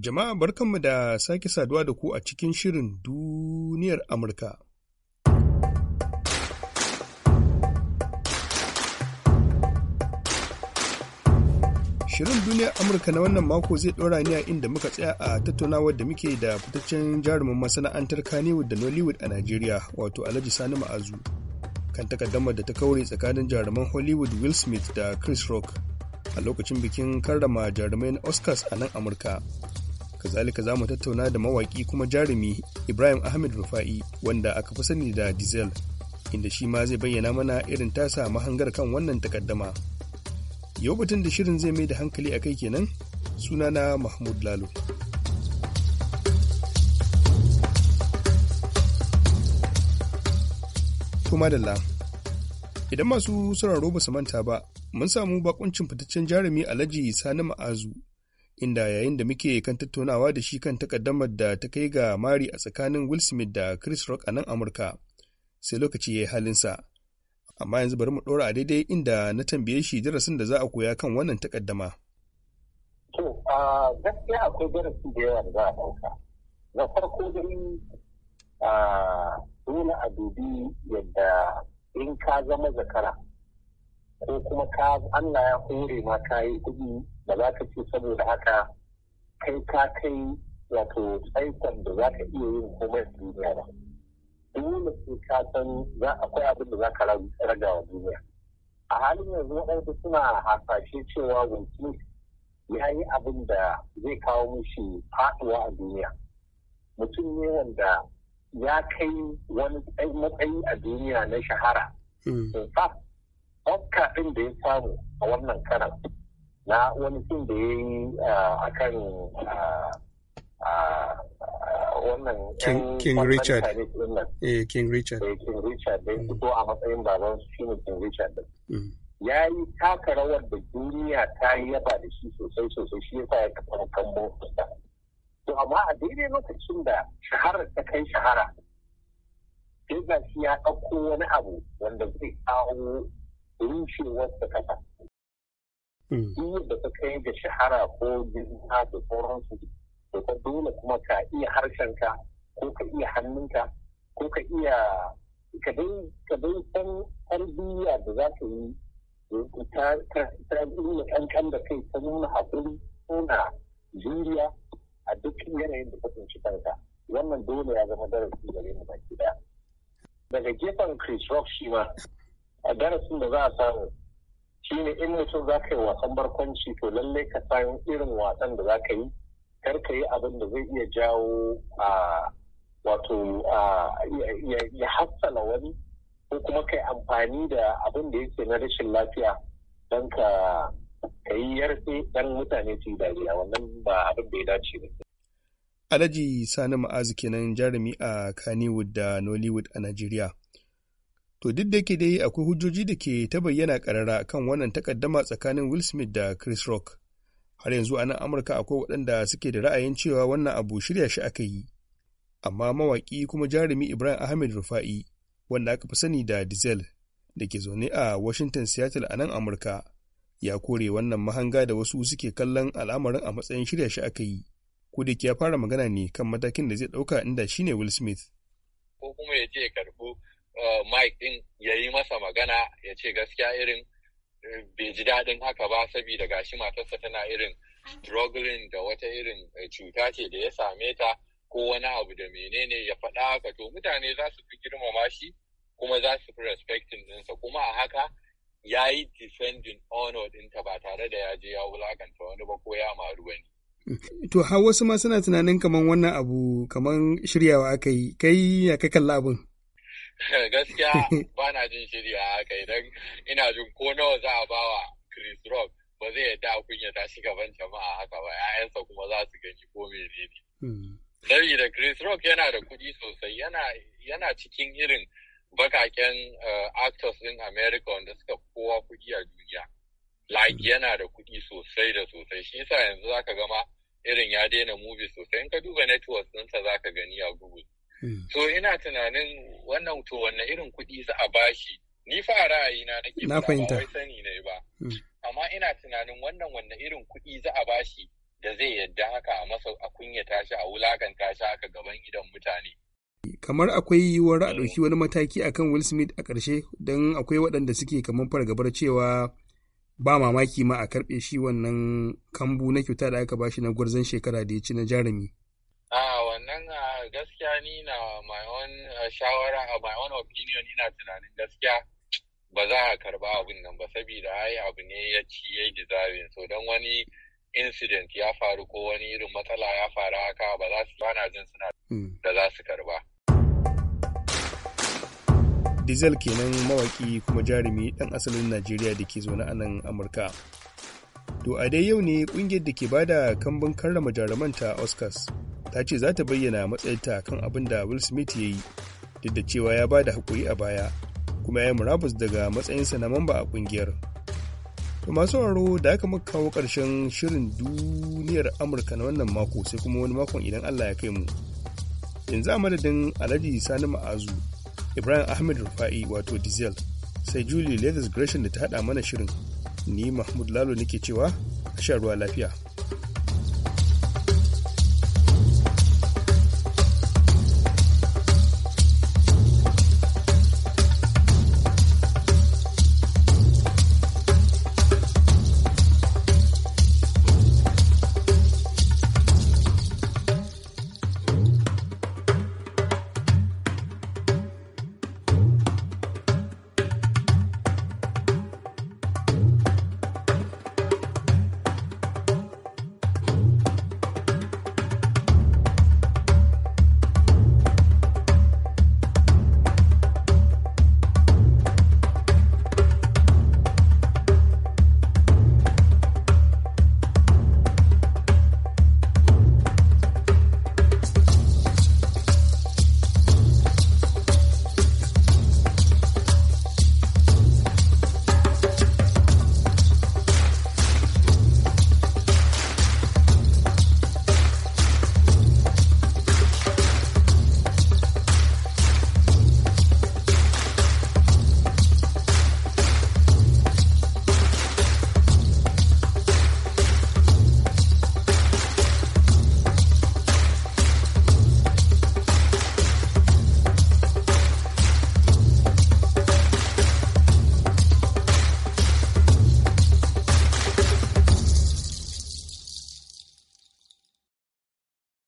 Jama'a barkanmu da sake saduwa da ku a cikin shirin duniyar Amurka. Shirin duniyar Amurka na wannan mako zai ɗora ni a inda muka tsaya a tattaunawar da muke da fitaccen jarumin masana'antar Kannywood da Nollywood a Najeriya, wato Alhaji Sani Ma'azu, kan takaddamar da ta kaure tsakanin jaruman Hollywood Will Smith da Chris Rock a lokacin bikin karrama jarumai na Oscars a nan Amurka. kazalika za mu tattauna da mawaƙi kuma jarumi ibrahim ahmed rufa'i wanda aka fi sani da diesel inda shi ma zai bayyana mana irin tasa mahangar kan wannan takaddama yau batun da shirin zai mai da hankali a kai kenan sunana mahmud lalo kuma idan masu sauraro ba su manta ba mun samu bakuncin fitaccen jarumi alhaji sani ma'azu inda yayin da muke kan tattaunawa da shi kan takaddamar da ta kai ga mari a tsakanin Will Smith da Chris Rock a nan Amurka, sai lokaci ya yi halinsa. Amma yanzu bari mu ɗora a daidai inda na tambaye shi darasin da za a koya kan wannan takaddama. To, gaskiya akwai darasi da yawa da za a ɗauka. Na farko dai a dubi yadda in ka zama zakara ko kuma ka Allah ya hore ma ka yi kuɗi da za ka ce saboda haka kai ka kai wato tsaikon da za ka iya yin komai a duniya ba. Dole sai ka san za akwai abin da za ka raga wa duniya. A halin yanzu waɗansu suna hasashe cewa wakil ya yi abin da zai kawo mushi faɗuwa a duniya. Mutum ne wanda ya kai wani matsayi a duniya na shahara. Hmm. In fact, oscar ɗin da ya samu a wannan karan na wani fim da ya yi a kan wannan eh, king richard eh king richard king richard da ya fito a matsayin baban su ne king richard din mm. ya yi taka rawar da duniya ta yi yaba da shi sosai sosai shi yasa ya kafa kambo to amma a daidai lokacin da shahara ta kai shahara sai ga shi ya ɗauko wani abu wanda zai kawo rushewar hmm. ta kasa duk da ka kai da shahara ko jirga da sauransu to ka dole kuma ka iya ka, ko ka iya hannunka ko ka iya ka dai san tarbiyya da za ka yi ta nuna kankan da kai ta nuna haƙuri nuna juriya a duk yanayin da ka tunci kanka wannan dole ya zama darasi gare mu baki daya daga gefen Chris Rock shi ma a darasin da za a samu shine in mutum za ka yi wasan barkwanci to lallai ka san irin wasan da za ka yi kar ka yi abin da zai iya jawo a wato ya hassala wani ko kuma ka yi amfani da abin da yake na rashin lafiya don ka yi yarfe don mutane su yi dariya wannan ba abin da ya dace ba. Alhaji Sani Ma'azu kenan jarumi a Kannywood da Nollywood a Najeriya. To duk da ke dai akwai hujjoji da ke ta bayyana karara kan wannan takaddama tsakanin Will Smith da Chris Rock. Har yanzu a nan Amurka akwai waɗanda suke da ra'ayin cewa wannan abu shirya shi aka yi. Amma mawaƙi kuma jarumi Ibrahim Ahmed Rufa'i, wanda aka fi sani da Diesel, da ke zaune a Washington Seattle a nan Amurka, ya kore wannan mahanga da wasu suke kallon al'amarin a matsayin shirya shi aka yi. Kudik ya fara magana ne kan matakin da zai ɗauka inda shine Will Smith. Ko kuma ya je ya karɓo Uh, Mike din ya yi masa magana ya ce gaskiya irin eh, bai ji daɗin haka ba saboda gashi matarsa tana irin struggling da wata irin eh, cuta ce da ya same ta ko wani abu da menene ya faɗa haka to mutane za su fi girmama shi kuma za su fi respecting ɗinsa kuma a haka ya yi defending honor ɗinta ba tare da ya je ya wulakanta wani ba ko ya maru wani. To har wasu ma suna tunanin kamar wannan abu kamar shiryawa aka yi kai ya ka abin. gaskiya ba na jin shiri a haka idan ina jin ko nawa za a ba wa Chris Rock ba zai yadda a kunyata shi gaban jama'a haka ba 'ya'yansa kuma za su gani ko menene. Hmm. Sabida Chris Rock yana da kuɗi sosai yana cikin irin bakaken eh, actors din America wanda suka kowa kuɗi a duniya. Like hmm. yana da kuɗi sosai da sosai shi yasa yanzu zaka gama irin ya daina movie sosai in ka duba network ɗinsa zaka gani a Google. Hmm. To ina tunanin wannan to wanne irin kuɗi za a bashi ni fa a ra'ayina nake na fahimta ba sani ne ba amma ina tunanin wannan wanne irin kuɗi za a bashi da zai yadda haka a masa a kunya tashi a wulakanta shi haka gaban idan mutane kamar akwai yiwuwar a eh. ɗauki wani mataki akan Will Smith a ƙarshe don akwai waɗanda suke kamar fargabar cewa ba mamaki ma a karɓe shi wannan kambu na kyauta da aka bashi na gwarzon shekara da ya ci na jarumi. nan gaskiya ni na my own shawara a my own opinion ina tunanin gaskiya ba za a karba abin nan ba saboda ai abu ne ya ci ya yi so don wani incident ya faru ko wani irin matsala ya faru haka ba za su bana jin suna hmm. da za su karba. Diesel kenan mawaki kuma jarumi ɗan asalin Najeriya da ke zaune a nan Amurka. To a dai yau ne ƙungiyar da ke bada kambun karrama jaruman ta Oscars ta ce za ta bayyana matsayinta kan abin da will smith ya yi duk da cewa ya ba da haƙuri a baya kuma ya yi murabus daga matsayinsa na mamba a ƙungiyar to masu sauraro da aka muka kawo ƙarshen shirin duniyar amurka na wannan mako sai kuma wani makon idan allah ya kai mu yanzu a madadin alhaji sani ma'azu ibrahim ahmed rufa'i wato diesel sai julie leathers gresham da ta haɗa mana shirin ni mahmud lalo nake cewa a sha ruwa lafiya